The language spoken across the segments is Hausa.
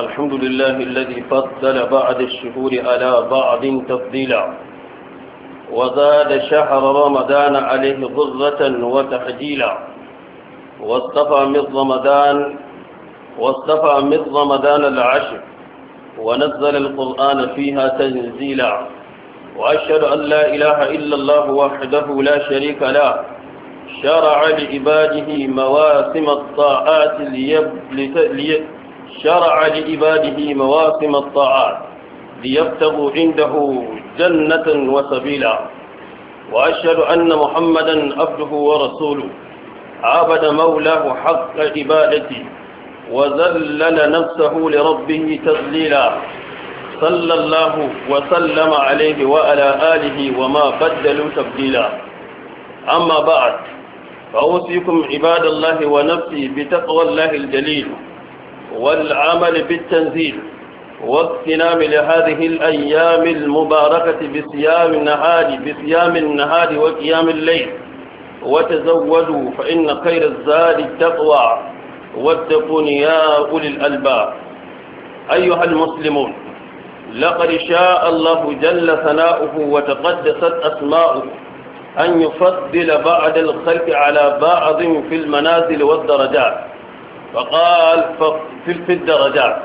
الحمد لله الذي فضل بعد الشهور على بعض تفضيلا وزاد شهر رمضان عليه ضرة وتحجيلا واصطفى من رمضان واصطفى من رمضان العشر ونزل القرآن فيها تنزيلا وأشهد أن لا إله إلا الله وحده لا شريك له شرع لعباده مواسم الطاعات ليبلغ شرع لعباده مواسم الطاعات ليبتغوا عنده جنة وسبيلا وأشهد أن محمدا عبده ورسوله عبد مولاه حق عبادته وذلل نفسه لربه تذليلا صلى الله وسلم عليه وعلى آله وما بدلوا تبديلا أما بعد فأوصيكم عباد الله ونفسي بتقوى الله الجليل والعمل بالتنزيل واغتنام لهذه الأيام المباركة بصيام النهار بصيام النهار وقيام الليل وتزودوا فإن خير الزاد التقوى واتقون يا أولي الألباب أيها المسلمون لقد شاء الله جل ثناؤه وتقدست أسماؤه أن يفضل بعض الخلق على بعض في المنازل والدرجات فقال في الدرجات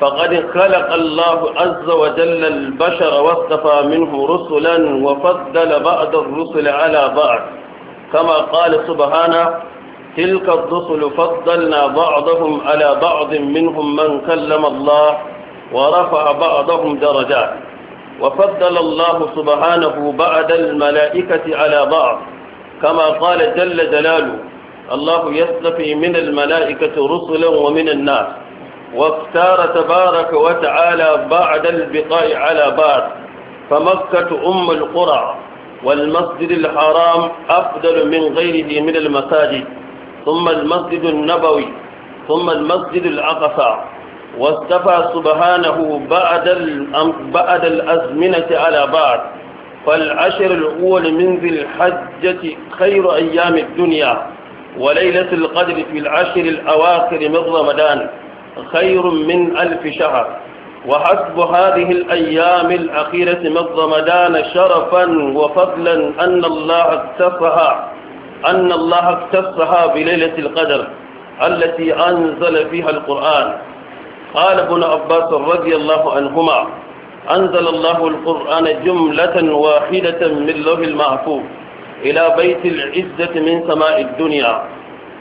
فقد خلق الله عز وجل البشر واصطفى منه رسلا وفضل بعض الرسل على بعض كما قال سبحانه تلك الرسل فضلنا بعضهم على بعض منهم من كلم الله ورفع بعضهم درجات وفضل الله سبحانه بعد الملائكة على بعض كما قال جل جلاله الله يستفي من الملائكة رسلا ومن الناس واختار تبارك وتعالى بعد البقاء على بعض فمكة أم القرى والمسجد الحرام أفضل من غيره من المساجد ثم المسجد النبوي ثم المسجد الأقصى واستفى سبحانه بعد بعد الأزمنة على بعض فالعشر الأول من ذي الحجة خير أيام الدنيا وليلة القدر في العشر الأواخر من رمضان خير من ألف شهر وحسب هذه الأيام الأخيرة من رمضان شرفا وفضلا أن الله اكتفها أن الله اكتفها بليلة القدر التي أنزل فيها القرآن قال ابن عباس رضي الله عنهما أنزل الله القرآن جملة واحدة من لوح المحفوظ إلى بيت العزة من سماء الدنيا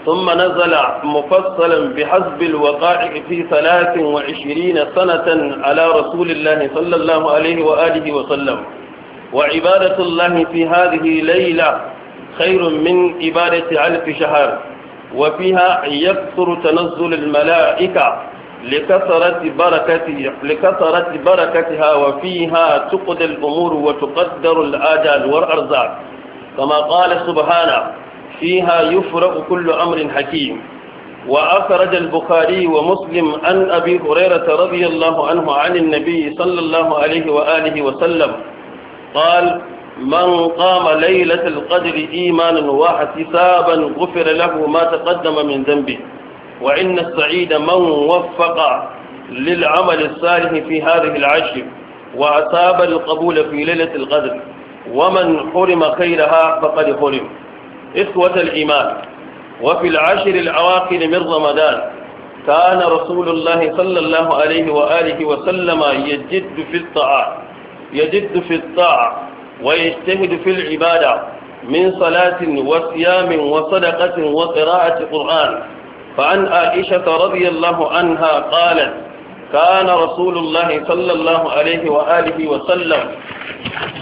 ثم نزل مفصلا بحسب الوقائع في ثلاث وعشرين سنة على رسول الله صلى الله عليه وآله وسلم وعبادة الله في هذه ليلة خير من عبادة ألف شهر وفيها يكثر تنزل الملائكة لكثرة لكثرة بركتها وفيها تقضى الأمور وتقدر الآجال والأرزاق كما قال سبحانه فيها يفرق كل أمر حكيم وأخرج البخاري ومسلم عن أبي هريرة رضي الله عنه عن النبي صلى الله عليه وآله وسلم قال من قام ليلة القدر إيمانا واحتسابا غفر له ما تقدم من ذنبه وإن السعيد من وفق للعمل الصالح في هذه العشر وأتاب القبول في ليلة القدر ومن حرم خيرها فقد حرم إخوة الإيمان وفي العشر الأواخر من رمضان كان رسول الله صلى الله عليه وآله وسلم يجد في الطاعة يجد في الطاعة ويجتهد في العبادة من صلاة وصيام وصدقة وقراءة قرآن فعن عائشة رضي الله عنها قالت كان رسول الله صلى الله عليه وآله وسلم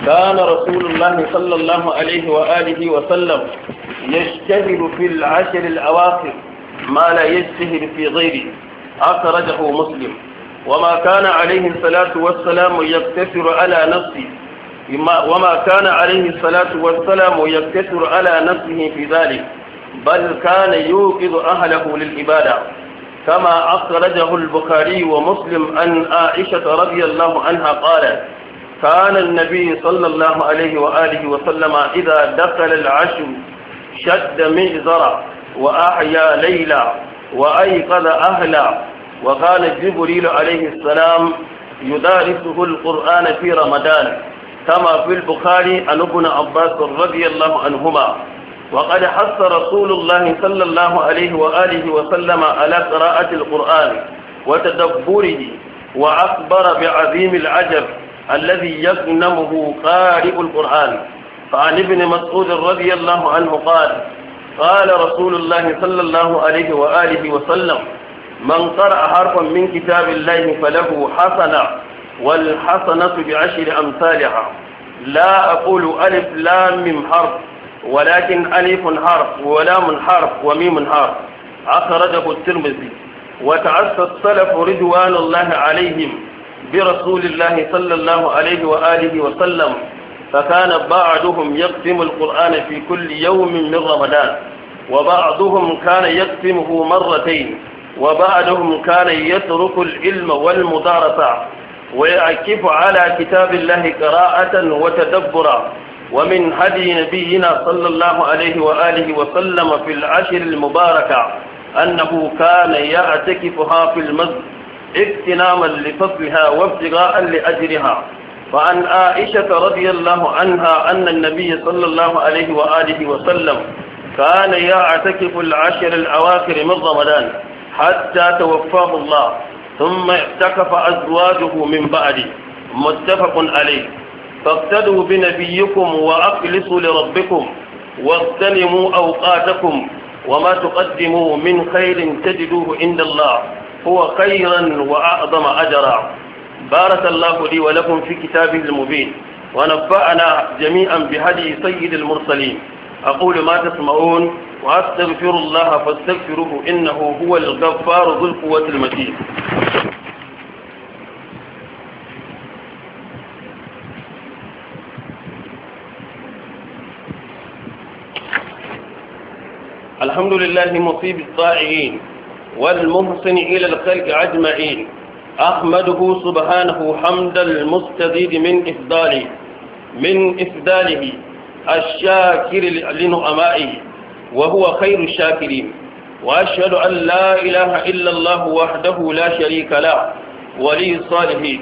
كان رسول الله صلى الله عليه وآله وسلم يجتهد في العشر الأواخر ما لا يجتهد في غيره أخرجه مسلم وما كان عليه الصلاة والسلام يقتصر على نفسه وما كان عليه الصلاة والسلام يقتصر على نفسه في ذلك بل كان يوقظ أهله للعبادة كما أخرجه البخاري ومسلم عن عائشة رضي الله عنها قالت كان النبي صلى الله عليه وآله وسلم إذا دخل العشو شد مئزرا وأحيا ليلا وأيقظ أهلا وقال جبريل عليه السلام يدارسه القرآن في رمضان كما في البخاري عن ابن عباس رضي الله عنهما وقد حث رسول الله صلى الله عليه وآله وسلم على قراءة القرآن وتدبره وأخبر بعظيم العجب الذي يغنمه قارئ القرآن فعن ابن مسعود رضي الله عنه قال قال رسول الله صلى الله عليه وآله وسلم من قرأ حرفا من كتاب الله فله حسنة والحسنة بعشر أمثالها لا أقول ألف لام من حرف ولكن ألف حرف ولام حرف وميم حرف أخرجه الترمذي وتعسى السلف رضوان الله عليهم برسول الله صلى الله عليه وآله وسلم فكان بعضهم يقسم القرآن في كل يوم من رمضان وبعضهم كان يقسمه مرتين وبعضهم كان يترك العلم والمدارسة ويعكف على كتاب الله قراءة وتدبرا ومن هدي نبينا صلى الله عليه وآله وسلم في العشر المباركة أنه كان يعتكفها في المسجد اغتناما لفضلها وابتغاء لأجرها فعن عائشة رضي الله عنها أن النبي صلى الله عليه وآله وسلم كان يعتكف العشر الأواخر من رمضان حتى توفاه الله ثم اعتكف أزواجه من بعده متفق عليه فاقتدوا بنبيكم وأخلصوا لربكم واغتنموا أوقاتكم وما تقدموا من خير تجدوه عند الله هو خيرا وأعظم أجرا بارك الله لي ولكم في كتابه المبين ونفعنا جميعا بهدي سيد المرسلين أقول ما تسمعون وأستغفر الله فاستغفروه إنه هو الغفار ذو القوة المتين الحمد لله مصيب الطائعين والمحسن إلى الخلق أجمعين أحمده سبحانه حمد المستزيد من إفضاله من إفضاله الشاكر لنعمائه وهو خير الشاكرين وأشهد أن لا إله إلا الله وحده لا شريك له ولي الصالحين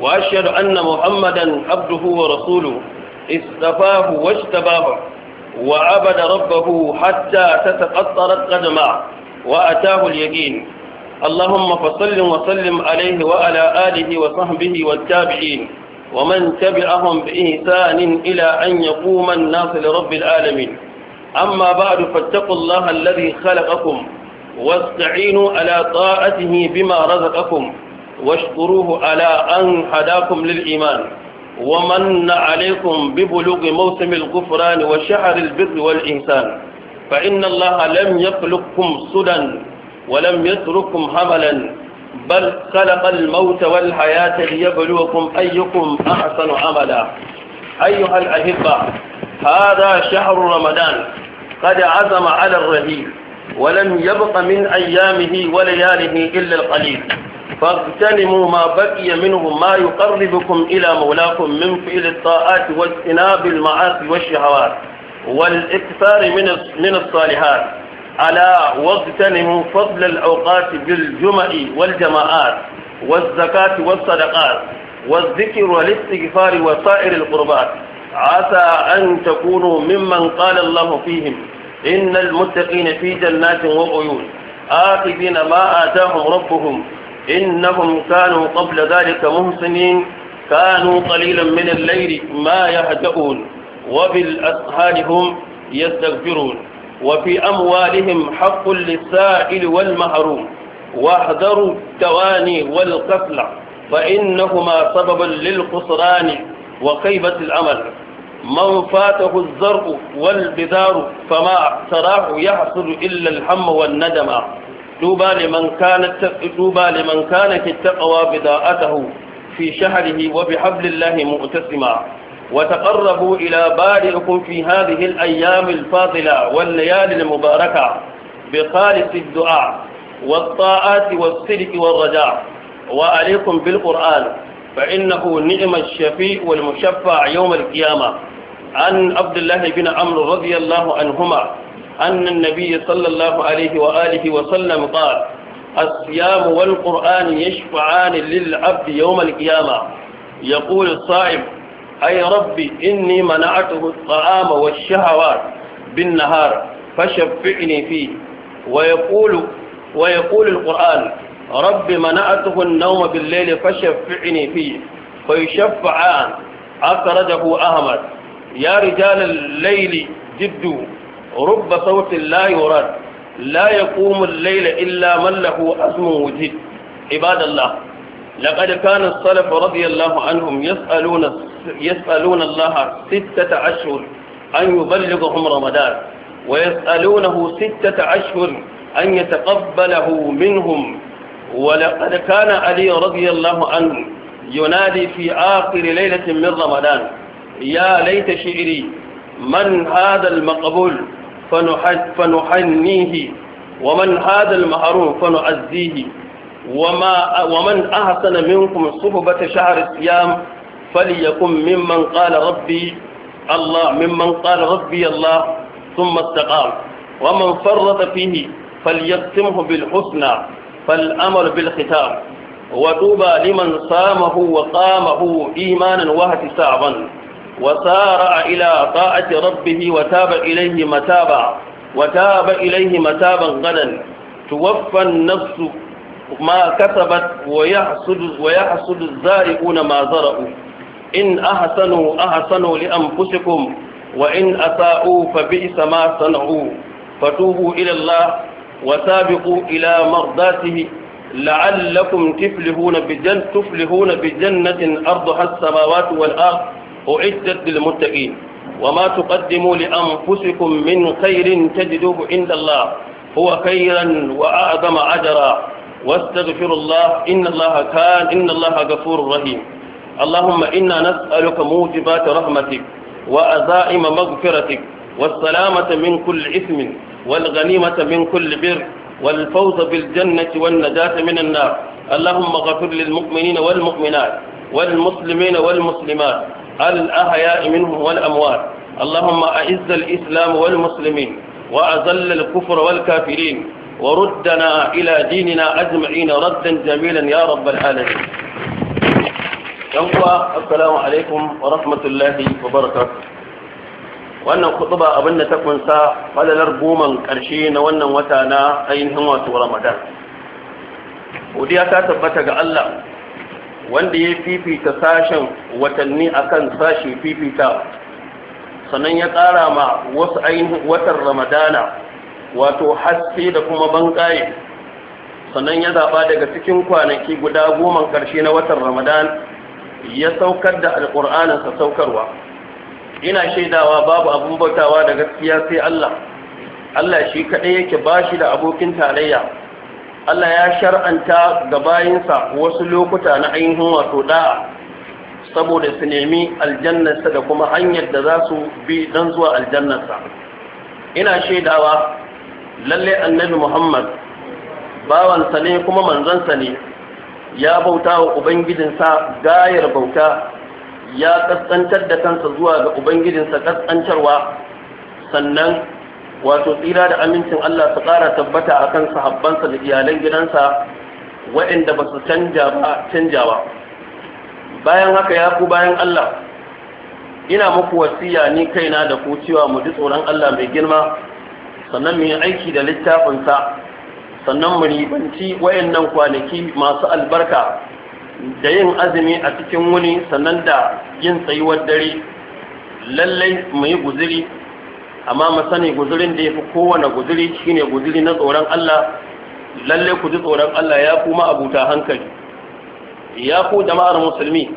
وأشهد أن محمدا عبده ورسوله اصطفاه واجتباه وعبد ربه حتى تتقطرت قدماه وأتاه اليقين اللهم فصل وسلم عليه وعلى آله وصحبه والتابعين ومن تبعهم بإنسان إلى أن يقوم الناس لرب العالمين أما بعد فاتقوا الله الذي خلقكم واستعينوا على طاعته بما رزقكم واشكروه على أن هداكم للإيمان ومن عليكم ببلوغ موسم الغفران وشعر البر والإنسان فإن الله لم يخلقكم سدى ولم يترككم هملا بل خلق الموت والحياة ليبلوكم أيكم أحسن عملا أيها الأحبة هذا شهر رمضان قد عزم على الرهيب ولم يبق من أيامه ولياله إلا القليل فاغتنموا ما بقي منه ما يقربكم إلى مولاكم من فعل الطاعات واجتناب المعاصي والشهوات والإكثار من من الصالحات ألا واغتنموا فضل الأوقات بالجمع والجماعات والزكاة والصدقات والذكر والاستغفار وسائر القربات عسى أن تكونوا ممن قال الله فيهم إن المتقين في جنات وعيون آخذين ما آتاهم ربهم إنهم كانوا قبل ذلك محسنين كانوا قليلا من الليل ما يهدؤون وبالأسهال هم يستغفرون وفي أموالهم حق للسائل والمحروم واحذروا التواني والقتل فإنهما سببا للخسران وخيبة الأمل من فاته الزرع والبذار فما تراه يحصل إلا الهم والندم توبى لمن كانت توبى لمن كانت التقوى بداءته في شهره وبحبل الله مؤتسما وتقربوا إلى بارئكم في هذه الأيام الفاضلة والليالي المباركة بخالص الدعاء والطاعات والصدق والرجاء وعليكم بالقرآن فإنه نعم الشفيء والمشفع يوم القيامة عن عبد الله بن عمرو رضي الله عنهما أن النبي صلى الله عليه وآله وسلم قال الصيام والقرآن يشفعان للعبد يوم القيامة يقول الصائم أي ربي إني منعته الطعام والشهوات بالنهار فشفعني فيه ويقول ويقول القرآن رب منعته النوم بالليل فشفعني فيه فيشفعان أخرجه أحمد يا رجال الليل جدوا رب صوت لا يرد لا يقوم الليل إلا من له عزم وجد عباد الله لقد كان السلف رضي الله عنهم يسألون يسألون الله ستة أشهر أن يبلغهم رمضان ويسألونه ستة أشهر أن يتقبله منهم ولقد كان علي رضي الله عنه ينادي في آخر ليلة من رمضان يا ليت شعري من هذا المقبول فنحنيه ومن هذا المحروم فنعزيه وما ومن أحسن منكم صحبة شهر الصيام فليكن ممن قال ربي الله ممن قال ربي الله ثم استقام ومن فرط فيه فليختمه بالحسنى فالأمر بالختام وطوبى لمن صامه وقامه إيمانا واحتسابا وسارع إلى طاعة ربه وتاب إليه متابا وتاب إليه متابا غدا توفى النفس ما كسبت ويحصد, ويحصد الزارعون ما زرعوا إن أحسنوا أحسنوا لأنفسكم وإن أساءوا فبئس ما صنعوا فتوبوا إلى الله وسابقوا إلى مرضاته لعلكم تفلحون بجن تفلحون بجنة أرضها السماوات والأرض أعدت للمتقين وما تقدموا لأنفسكم من خير تجدوه عند الله هو خيرا وأعظم أجرا واستغفر الله إن الله كان إن الله غفور رحيم اللهم إنا نسألك موجبات رحمتك وأزائم مغفرتك والسلامة من كل إثم والغنيمة من كل بر والفوز بالجنة والنجاة من النار اللهم غفر للمؤمنين والمؤمنات والمسلمين والمسلمات الأحياء منهم والأموات اللهم أعز الإسلام والمسلمين وأذل الكفر والكافرين وردنا إلى ديننا أجمعين ردا جميلا يا رب العالمين yankuwa assalamu alaikum wa rahmatullahi wa barakatu wannan kutuba abinda ta kunsa falalar goman ƙarshe na wannan wata na ainihin wato ramadan godiya ta tabbata ga allah wanda ya fifita sashen watanni akan sashi fifita sannan ya tsara ma wasu ainihin watan ramadana wato haske da kuma banƙaye sannan ya zaɓa daga cikin kwanaki guda goma ƙarshe na watan ramadan ya saukar da alƙur'anin sa saukarwa ina shaidawa babu abun bautawa da gaskiya sai Allah Allah shi kaɗai yake ba shi da abokin tarayya Allah ya shar'anta ga bayinsa wasu lokuta na ainihin wato da'a saboda su nemi aljannarsa da kuma hanyar da za su bi don zuwa aljannarsa ina shaidawa lalle annabi muhammad bawansa ne kuma manzansa ne ya bauta wa ubangijinsa gayar bauta ya kaskantar da kansa zuwa ga ubangijinsa kaskancarwa sannan wato tsira da amincin Allah su ƙara tabbata a kansa sahabbansa da iyalan gidansa waɗanda ba su canja ba bayan haka ya ku bayan Allah ina muku wasiya ni kaina da ku cewa mu ji tsoron Allah mai girma sannan mu yi aiki da littafinsa sannan mu ribanci wayannan kwanaki masu albarka da yin azumi a cikin wuni sannan da yin tsayuwar dare lallai mu yi guziri amma mu sani guzirin da ya fi kowane guziri shine guziri na tsoron Allah lallai ku ji tsoron Allah ya kuma abuta hankali ya ku jama'ar musulmi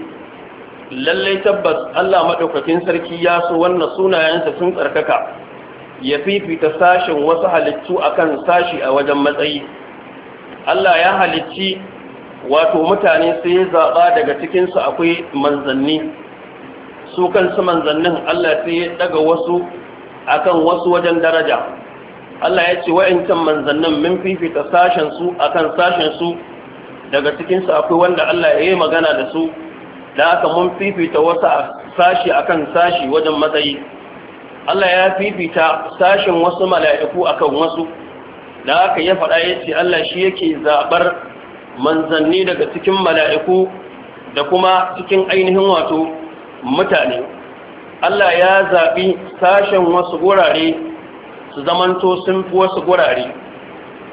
lallai tabbas Allah maɗaukakin sarki ya so wannan sunayensa sun tsarkaka ya fifita sashin wasu halittu akan sashi a wajen matsayi Allah ya halicci wato mutane sai ya zaɓa daga cikinsu akwai manzanni su kansu manzannin Allah sai ya daga wasu akan wasu wajen daraja Allah ya ce wa'incan manzannin min fifita sashensu akan sashensu daga cikinsu akwai wanda Allah ya yi magana da su da aka mun fifita wasu sashi akan sashi wajen matsayi Allah ya fifita sashin wasu mala'iku akan wasu da aka ya faɗa ya ce Allah shi yake zaɓar manzanni daga cikin mala'iku da kuma cikin ainihin wato mutane Allah ya zaɓi sashin wasu gurare su zamanto sun fi wasu gurare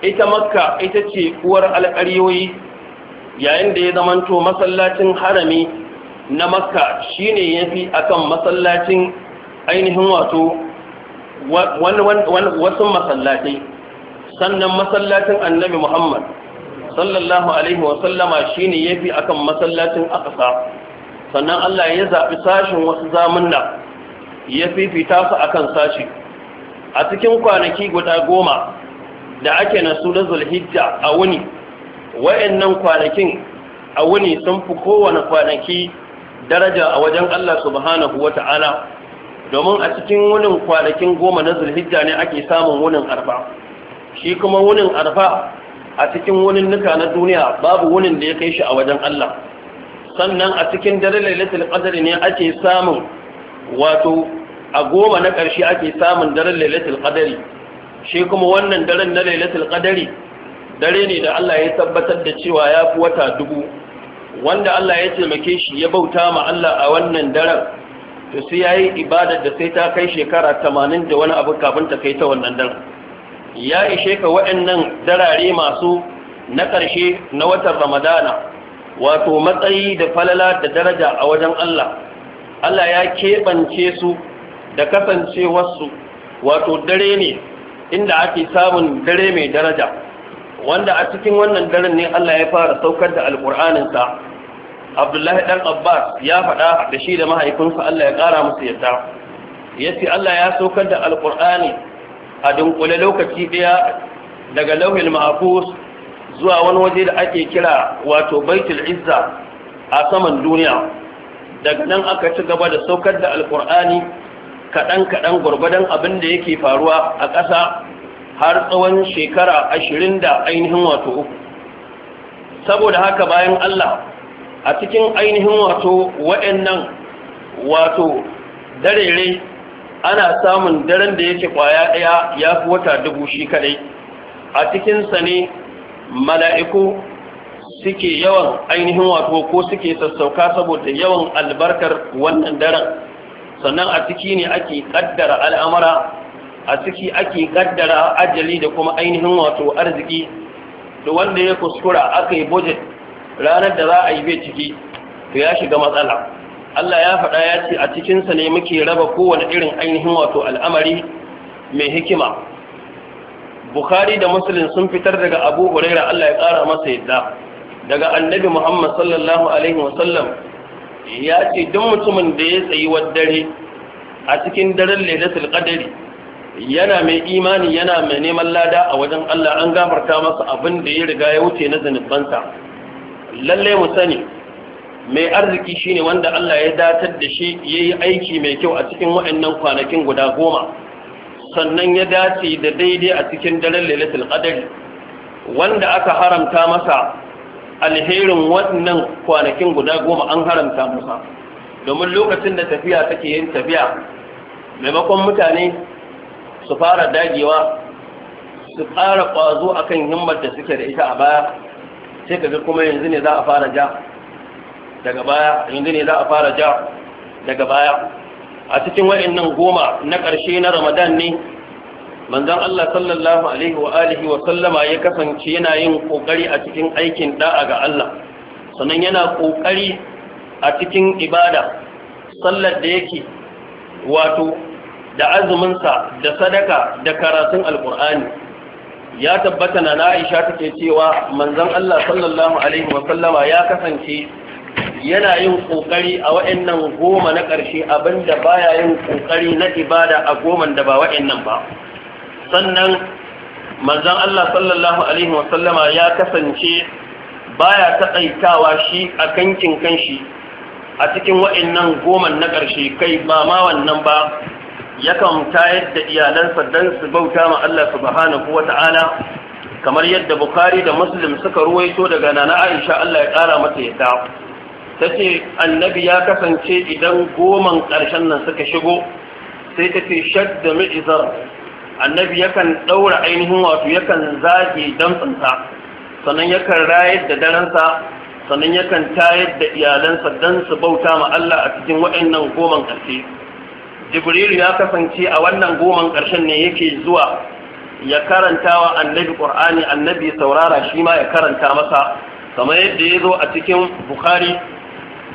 ita makka ita ce uwar alƙaryoyi yayin da ya zamanto masallacin harami na makka shine yafi akan masallacin ainihin wato wasu masallatai sannan masallacin annabi muhammad sallallahu alaihi wasallama shi ne ya fi akan masallacin aƙasa, sannan allah ya zaɓi sashin wasu zamunna ya fifita su akan sashi a cikin kwanaki guda goma da ake na su da zulhijja a wuni wa'annan kwanakin a wuni sun fi kowane kwanaki daraja a wajen allah subhanahu domin a cikin wunin kwanakin goma na zulhijja ne ake samun wunin arfa shi kuma wunin arfa a cikin wunin nuka na duniya babu wunin da ya kai shi a wajen Allah sannan a cikin dare lailatul qadr ne ake samun wato a goma na ƙarshe ake samun daren lailatul qadari shi kuma wannan daren na lailatul qadari dare ne da Allah ya tabbatar da cewa ya fi wata dubu wanda Allah ya taimake shi ya bauta ma Allah a wannan daren to sai ya yi ibadar da sai ta kai shekara tamanin da wani abu kafin ta kai ta wannan daren ya ishe ka waɗannan darare masu na ƙarshe na watan ramadana wato matsayi da falala da daraja a wajen Allah Allah ya keɓance su da kasancewarsu wato dare ne inda ake samun dare mai daraja wanda a cikin wannan daren ne Allah ya fara saukar da alƙur'aninsa abdullahi dan abbas ya faɗa da shi da mahaifinsa allah ya ƙara musu yadda ya ce allah ya saukar da alƙur'ani a dunkule lokaci ɗaya daga lauhin mahafus zuwa wani waje da ake kira wato baitul izza a saman duniya daga nan aka ci gaba da saukar da alƙur'ani kaɗan-kaɗan gwargwadon abin da yake faruwa a ƙasa har tsawon shekara ashirin da ainihin wato uku saboda haka bayan allah a cikin ainihin wato waɗannan wato darere ana samun daren da yake kwaya ɗaya ya fi wata dubu shi kadai a cikinsa ne mala'iku suke yawan ainihin wato ko suke sassauka saboda yawan albarkar wannan daren sannan a ciki ne ake kaddara al'amara a ciki ake kaddara ajali da kuma ainihin wato arziki da wanda ya kuskura aka yi budget ranar da za a yi bai ciki to ya shiga matsala Allah ya faɗa ya ce a cikinsa ne muke raba kowane irin ainihin wato al'amari mai hikima bukhari da muslim sun fitar daga abu huraira Allah ya ƙara masa yadda daga annabi muhammad sallallahu alaihi wasallam ya ce duk mutumin da ya tsayi dare a cikin daren lailatul qadari yana mai imani yana mai neman lada a wajen Allah an gafarta masa abin da ya riga ya wuce na zanubansa lalle mu sani mai arziki shine wanda Allah ya datar da shi yayi aiki mai kyau a cikin waɗannan kwanakin guda goma sannan ya dace da daidai a cikin daren lailatul qadr wanda aka haramta masa alherin wannan kwanakin guda goma an haramta masa domin lokacin da tafiya take yin tafiya maimakon mutane su fara dagewa su tsara ƙwazo akan himmar da suke da ita a baya sai kaga kuma yanzu ne za a fara ja daga baya yanzu ne za a fara ja daga baya a cikin nan goma na ƙarshe na ramadan ne manzon Allah sallallahu alaihi wa wa sallama ya kasance yana yin ƙoƙari a cikin aikin da'a ga Allah sannan yana ƙoƙari a cikin ibada sallar da yake wato da azuminsa da sadaka da karatun Alƙur'ani. ya tabbata na Aisha take cewa manzon Allah sallallahu alaihi wa sallama ya kasance yana yin kokari a wa'annan goma na ƙarshe abinda baya yin kokari na ibada a goman da ba wa'annan ba sannan manzon Allah sallallahu alaihi wa sallama ya kasance baya taƙaitawa shi a kankin kanshi a cikin wa'annan goma na ƙarshe kai ba ma wannan ba yakan tayar da iyalansa don su bauta ma Allah subhanahu wa ta'ala kamar yadda Bukhari da Muslim suka ruwaito daga Nana Aisha Allah ya ƙara mata yadda ta ce annabi ya kasance idan goman ƙarshen nan suka shigo sai ta ce shadda mu'izar annabi yakan ɗaura ainihin wato yakan zage damtsansa sannan yakan rayar da daransa sannan yakan tayar da iyalansa don su bauta ma Allah a cikin waɗannan goman ƙarshe jibrilu ya kasance a wannan goman ƙarshen ne yake zuwa ya karanta wa annabi ƙur'ani annabi saurara shi ma ya karanta masa kamar yadda ya zo a cikin bukhari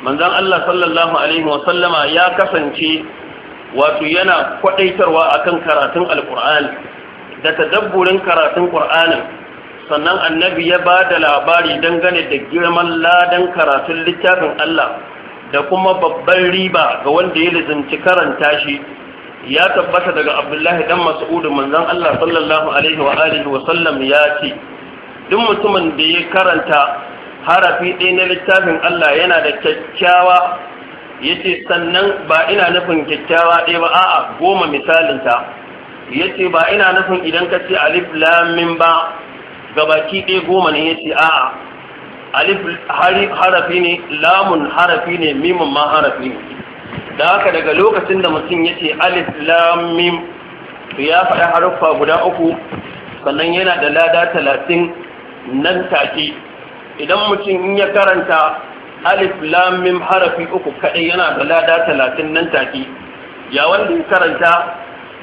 manzon allah sallallahu alaihi wasallama ya kasance wato yana a kan karatun alƙur'ani da tadabburin karatun ƙur'anin sannan annabi ya ba da labari dangane da girman ladan karatun littafin allah da kuma babban riba ga wanda ya lizinci karanta shi ya tabbata daga abdullahi dan mas'ud manzon Allah sallallahu alaihi wa alihi wa sallam ya ce duk mutumin da ya karanta harafi ɗaya na littafin Allah yana da kyakkyawa yace sannan ba ina nufin kyakkyawa ɗaya ba a'a goma misalin misalinta yace ba ina nufin idan ka ce alif lam mim ba gabaki ɗaya goma ne yace a'a alif harafi ne lamun harafi ne mimun ma harafi ne da haka daga lokacin da mutum ya ce alif lamim ya faɗa haruffa guda uku sannan yana da lada talatin nan take idan mutum in ya karanta alif lamim harafi uku kaɗai yana da lada talatin nan take ya wanda ya karanta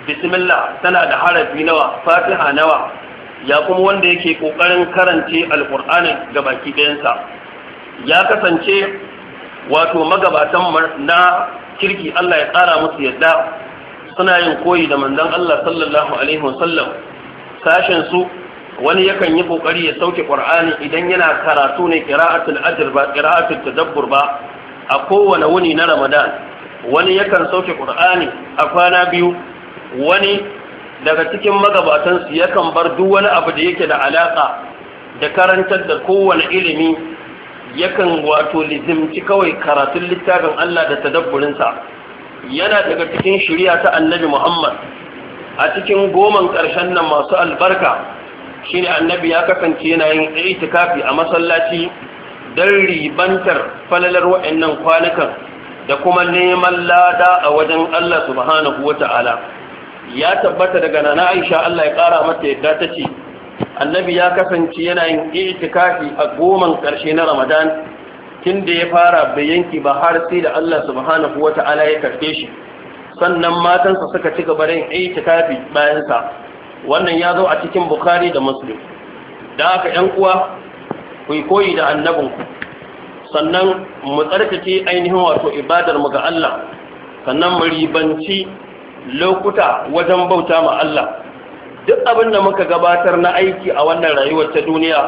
bismillah tana da harafi nawa fatiha nawa ya kuma wanda yake kokarin karance alqur'ani ga baki ɗayansa ya kasance wato magabatan na kirki Allah ya tsara musu yadda suna yin koyi da manzon Allah sallallahu alaihi wasallam sashen su wani yakan yi kokari ya sauke qur'ani idan yana karatu ne qira'atul ajr ba qira'atul tadabbur ba a kowane wuni na ramadan wani yakan sauke qur'ani a kwana biyu wani daga cikin magabatansu yakan bar duk wani abu da yake da alaƙa da karantar da kowane ilimi yakan wato lizimci kawai karatun littafin Allah da tadabburinsa yana daga cikin shirya ta annabi Muhammad a cikin goman ƙarshen nan masu albarka shine annabi ya kasance yana yin itikafi a masallaci don ribantar falalar waɗannan kwanukan da kuma neman lada a wajen Allah subhanahu ta'ala. ya tabbata daga nana Aisha Allah ya kara mata yadda ta ce annabi ya kasance yana yin itikafi a goman karshe na Ramadan tun da ya fara bai yanki ba har sai da Allah subhanahu Ta'ala ya karfe shi sannan matansa suka ci gaba da yin itikafi bayan sa wannan ya zo a cikin Bukhari da Muslim dan haka ƴan uwa ku koyi da annabinku sannan mu tsarkake ainihin wato ibadar mu ga Allah sannan mu ribanci lokuta wajen bauta ma Allah duk abin da muka gabatar na aiki a wannan rayuwar ta duniya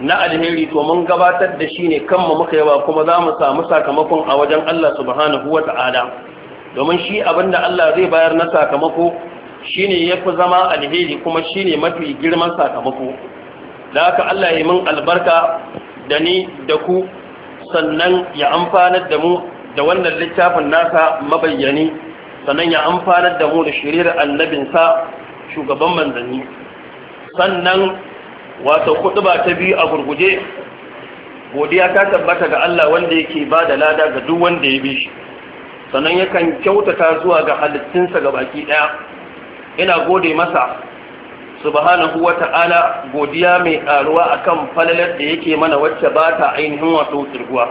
na alheri to mun gabatar da shi ne kanmu muka yawa kuma za mu samu sakamakon a wajen Allah subhanahu wa ta'ala domin shi abin da Allah zai bayar na sakamako shi ne ya fi zama alheri kuma shi ne mafi girman sakamako da haka Allah ya min albarka da ni da ku sannan ya amfanar da mu da wannan littafin nasa mabayyani sannan ya amfanar da mu da shirin annabinsa shugaban manzanni sannan wato ba ta biyu a gurguje godiya ta tabbata ga Allah wanda yake ba da lada ga duk wanda ya bi shi sannan yakan kyautata zuwa ga halittinsa ga baki ɗaya ina gode masa subhanahu wa ta'ala godiya mai ƙaruwa akan falalar da yake mana wacce ba ta ainihin wato turguwa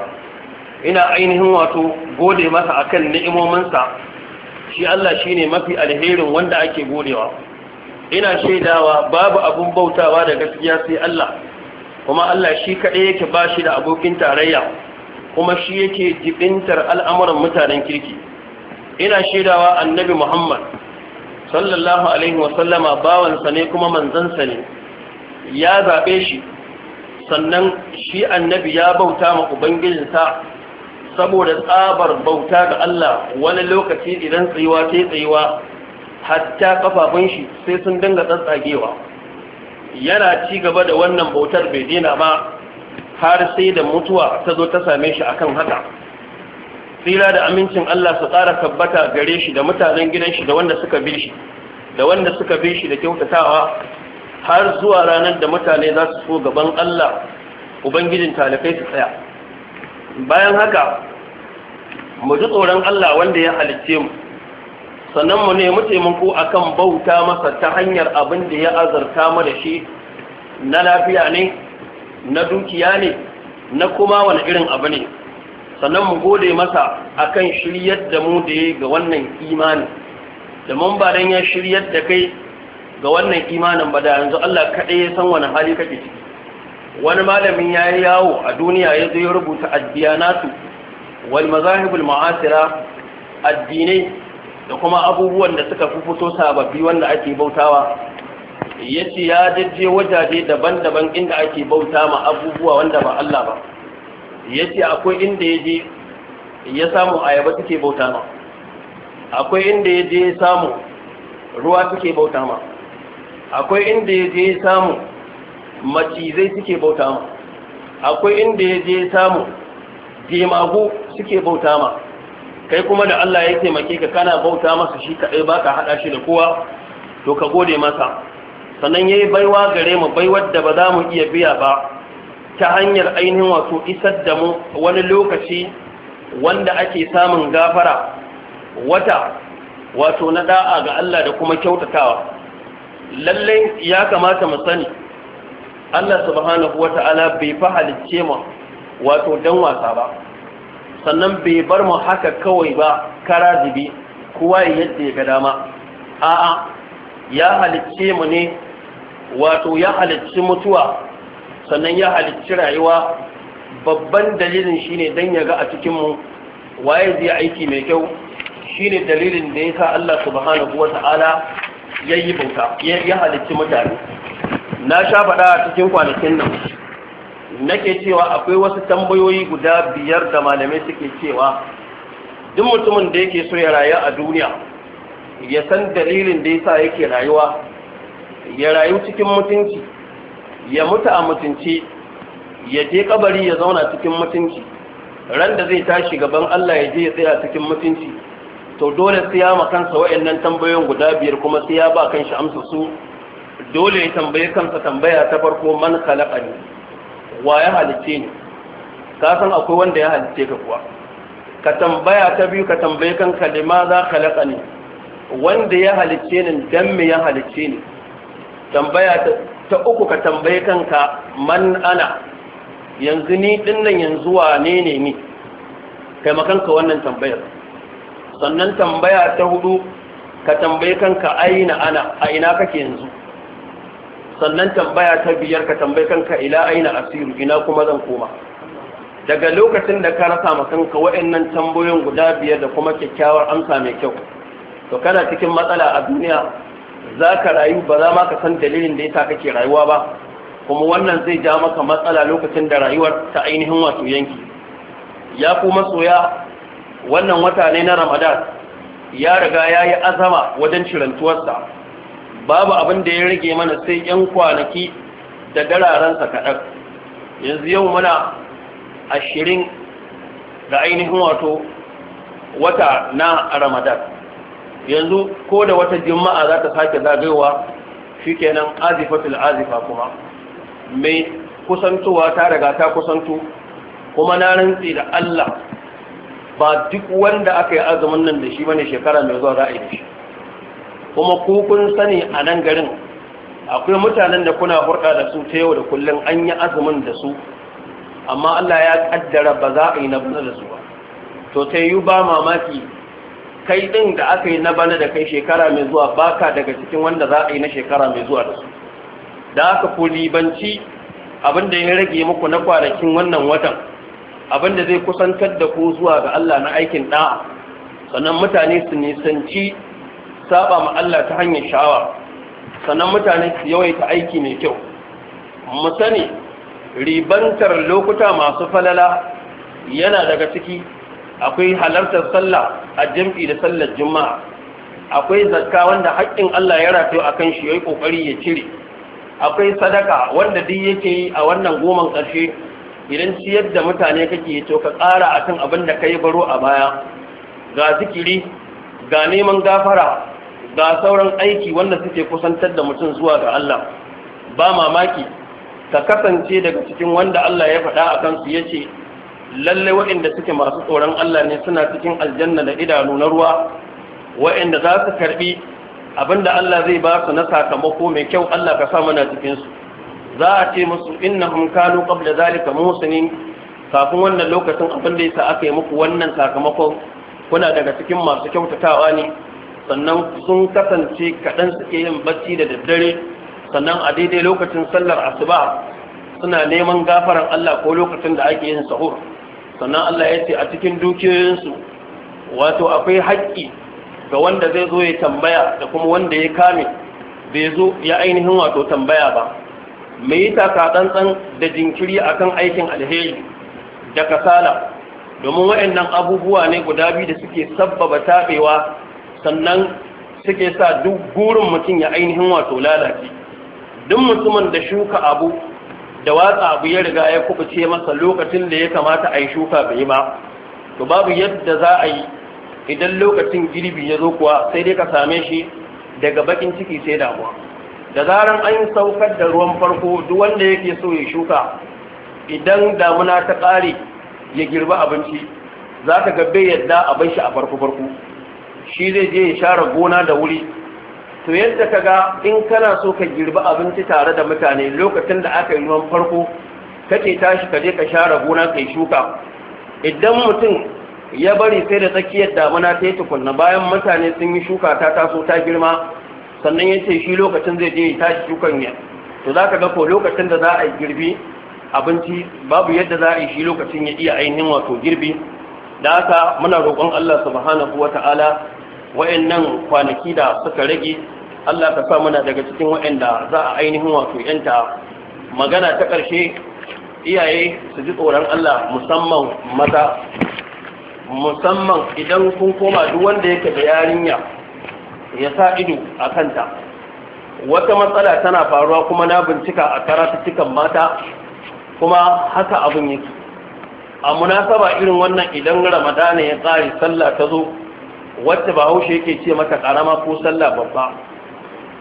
ina ainihin wato gode masa akan ni'imominsa shi Allah shine mafi alherin wanda ake godewa ina shaidawa babu abun bautawa da gaskiya sai Allah kuma Allah shi kaɗai yake ba shi da abokin tarayya kuma shi yake jibintar al'amuran mutanen kirki ina shaidawa annabi Muhammad sallallahu alaihi wasallama bawansa ne kuma manzansa ne ya zaɓe shi sannan shi annabi ya bauta ma ubangijinsa saboda tsabar bauta ga Allah wani lokaci idan tsayuwa ta tsayuwa hatta kafafun shi sai sun dinga tsatsagewa yana ci gaba da wannan bautar bai dina ba har sai da mutuwa ta zo ta same shi akan haka tsira da amincin Allah su tsara tabbata gare shi da mutanen gidan shi da wanda suka bi shi da wanda suka bi shi da kyautatawa har zuwa ranar da mutane za su so gaban Allah ubangijin talakai su tsaya bayan haka mu ji tsoron Allah wanda ya halicce mu sannan mu nemi taimako akan bauta masa ta hanyar abin da ya azarta mu da shi na lafiya ne na dukiya ne na kuma wani irin abu ne sannan mu gode masa akan shiryar da mu da ya ga wannan imani da mun ba dan ya shiryar da kai ga wannan imanin ba da yanzu Allah kaɗai ya san wani hali kake ciki wani malamin ya yi yawo a duniya ya zo ya rubuta addiyanatu wal mazahibul ma'asira addinai da kuma abubuwan da suka fi fito sababbi wanda ake bautawa ya ce ya jajje wajaje daban-daban inda ake bauta ma abubuwa wanda ba Allah ba ya ce akwai inda ya je ya samu ayaba suke bauta ma akwai inda ya je ya samu ruwa suke bauta ma akwai inda ya je ya samu macizai suke bauta ma akwai inda ya je samu jemagu suke bauta ma kai kuma da Allah ya taimake ka kana bauta masa shi kaɗai baka ka haɗa shi da kowa to ka gode masa sannan ya yi baiwa gare mu baiwar da ba za mu iya biya ba ta hanyar ainihin wato isar da mu wani lokaci wanda ake samun gafara wata wato na da'a ga Allah da kuma kyautatawa lallai ya kamata mu sani Allah subhanahu wata'ala bai fa halicce mu wato dan wasa ba sannan bai bar mu haka kawai ba kara zibi kowa yadda ya ga dama a'a ya halicce mu ne wato ya halicci mutuwa sannan ya halicci rayuwa babban dalilin shine dan ya ga a cikin waye zai aiki mai kyau shine dalilin da yasa Allah subhanahu wata'ala yayi bauta ya halicci mutane na sha faɗa a cikin kwanakin nan nake cewa akwai wasu tambayoyi guda biyar da malamai suke cewa duk mutumin da yake so ya rayu a duniya ya san dalilin da yasa yake rayuwa ya rayu cikin mutunci ya mutu a mutunci ya je kabari ya zauna cikin mutunci ran da zai tashi gaban Allah ya je ya tsaya cikin mutunci to dole sai ya makansa wa'annan tambayoyin guda biyar kuma sai ya ba kanshi amsa su dole ya tambaye kansa tambaya ta farko man ni wa ya halicce ni ka san akwai wanda ya halicce ka kuwa ka tambaya ta biyu ka tambaye kanka lima za ni. wanda ya halicce ni dan me ya halicce ni tambaya ta uku ka tambaye kanka man ana yanzu ni dinnan yanzu wane ne ni kai makanka wannan tambayar sannan tambaya ta hudu ka tambaye kanka aina ana a ina kake yanzu sannan tambaya ta biyar ka tambayi kanka ila aina asiru ina kuma zan koma daga lokacin da ka rasa ma kanka waɗannan tambayoyin guda biyar da kuma kyakkyawar amsa mai kyau to kana cikin matsala a duniya za ka rayu ba za ma ka san dalilin da yasa kake rayuwa ba kuma wannan zai ja maka matsala lokacin da rayuwar ta ainihin wato yanki ya kuma soya wannan wata ne na ramadan ya riga ya yi azama wajen cirantuwarsa babu abin da ya rage mana sai yan kwanaki da dararensa kaɗan yanzu yau muna ashirin da ainihin wato wata na ramadan yanzu ko da wata juma'a za ta sake zagayowa shikenan azifatul azifa kuma mai kusantowa ta daga ta kusanto kuma na rantsi da Allah ba duk wanda aka yi azumin nan da shi bane shekara mai zuwa za a yi shi kuma ku kun sani a nan garin akwai mutanen da kuna hurɗa da su ta yau da kullum an yi azumin da su amma Allah ya kaddara ba za a yi na bana da su ba to ta yi ba mamaki kai ɗin da aka yi na bana da kai shekara mai zuwa ba ka daga cikin wanda za a yi na shekara mai zuwa da su da aka ku libanci abin da ya rage muku na kwanakin wannan watan abin da zai kusantar da ku zuwa ga Allah na aikin ɗa'a sannan mutane su nisanci saba ma Allah ta hanyar sha'awa sannan mutane su yawaita aiki mai kyau mu sani ribantar lokuta masu falala yana daga ciki akwai halartar sallah a jam'i da sallar juma'a akwai zakka wanda haƙƙin Allah ya a akan shi yayi kokari ya cire akwai sadaka wanda duk yake yi a wannan goman ƙarshe idan ciyar da mutane kake yi to ka ƙara akan abin da kai baro a baya ga zikiri ga neman gafara ga sauran aiki wanda suke kusantar da mutum zuwa ga Allah ba mamaki ka kasance daga cikin wanda Allah ya faɗa a kansu ya ce lalle waɗanda suke masu tsoron Allah ne suna cikin aljanna da idanu na ruwa waɗanda za su karɓi abinda Allah zai ba su na sakamako mai kyau Allah ka sa mana cikin su za a ce musu innahum kanu qabla zalika musinin kafin wannan lokacin abin da yasa aka yi muku wannan sakamakon kuna daga cikin masu kyautatawa ne sannan sun kasance kaɗan suke yin bacci da daddare sannan a daidai lokacin sallar asuba suna neman gafaran Allah ko lokacin da ake yin sahur sannan Allah ya ce a cikin dukiyoyinsu wato akwai haƙƙi ga wanda zai zo ya tambaya da kuma wanda ya kame bai zo ya ainihin wato tambaya ba mai yi taka tsantsan da jinkiri akan aikin alheri da kasala domin waɗannan abubuwa ne guda biyu da suke sabbaba taɓewa sannan suke sa duk gurin mutum ya ainihin wato lalace duk mutumin da shuka abu da watsa abu ya riga ya kubuce masa lokacin da ya kamata a yi shuka bai ba to babu yadda za a yi idan lokacin girbi ya zo kuwa sai dai ka same shi daga bakin ciki sai damuwa da zaran an saukar da ruwan farko duk wanda yake so ya shuka idan damuna ta ƙare ya girba abinci za ka ga bai yadda a bai shi a farko farko shi zai je share gona da wuri to yadda ka ga in kana so ka girbi abinci tare da mutane lokacin da aka yi ruwan farko kake tashi ka je ka share gona kai shuka idan mutum ya bari sai da tsakiyar damuna ta yi tukunna bayan mutane sun yi shuka ta taso ta girma sannan ya ce shi lokacin zai je ya tashi shukan ya to za ka ga ko lokacin da za a girbi abinci babu yadda za a yi shi lokacin ya iya ainihin wato girbi da haka muna roƙon Allah subhanahu wa ta'ala wa'annan kwanaki da suka rage Allah ka sa muna daga cikin wa'anda za a ainihin wato yanta magana ta ƙarshe iyaye su ji tsoron Allah musamman maza musamman idan kun koma duk wanda yake da yarinya ya sa ido a kanta wata matsala tana faruwa kuma na bincika a karatuttukan mata kuma haka abin yake a munasaba irin wannan idan ramadana ya tsari sallah ta zo wacce bahaushe yake ce mata karama ko sallah babba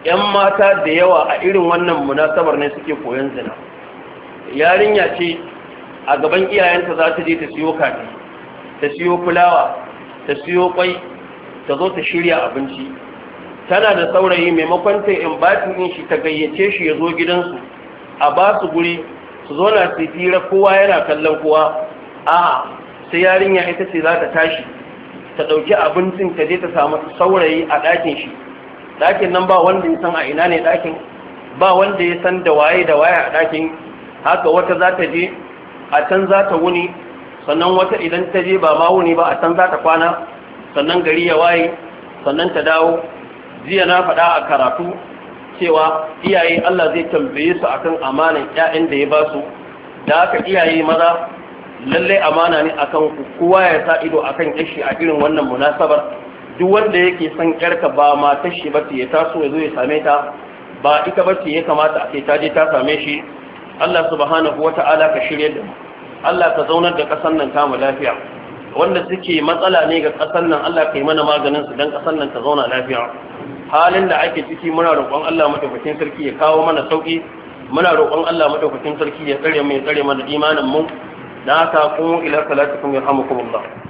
yan mata da yawa a irin wannan munasabar ne suke koyon zina yarinya ce a gaban iyayenta za ta je ta siyo kati, ta siyo fulawa ta siyo kwai ta zo ta shirya abinci tana da saurayi maimakon ta in batin shi ta gayyace shi ya zo gidansu a ba su guri su zo na su kowa yana kallon kowa a sai yarinya ita ce za ta tashi ta ɗauki abincin ta je ta samu saurayi a ɗakin shi ɗakin nan ba wanda ya san a ina ne ɗakin ba wanda ya san da waye da waye a ɗakin haka wata za ta je a can za ta wuni sannan wata idan ta je ba ma wuni ba a can za ta kwana sannan gari ya waye sannan ta dawo jiya na faɗa a karatu cewa iyaye Allah zai tambaye su akan amanan ƴaƴan da ya ba su da haka iyaye maza lallai amana ne akan ku kowa ya sa ido akan yashi a irin wannan munasabar duk wanda yake san yarka ba matar shi bace ya taso ya zo ya same ta ba ita ba bace ya kamata a ce ta je ta same shi Allah subhanahu wata'ala ka shirye da mu Allah ka zaunar da kasan nan kama lafiya wanda suke matsala ne ga kasan nan Allah ka yi mana maganin su dan kasan nan ta zauna lafiya halin da ake ciki muna roƙon Allah madaukakin sarki ya kawo mana sauki muna roƙon Allah madaukakin sarki ya tsare mu ya tsare mana imanin mu da haka kuma ila salatikum yarhamukumullah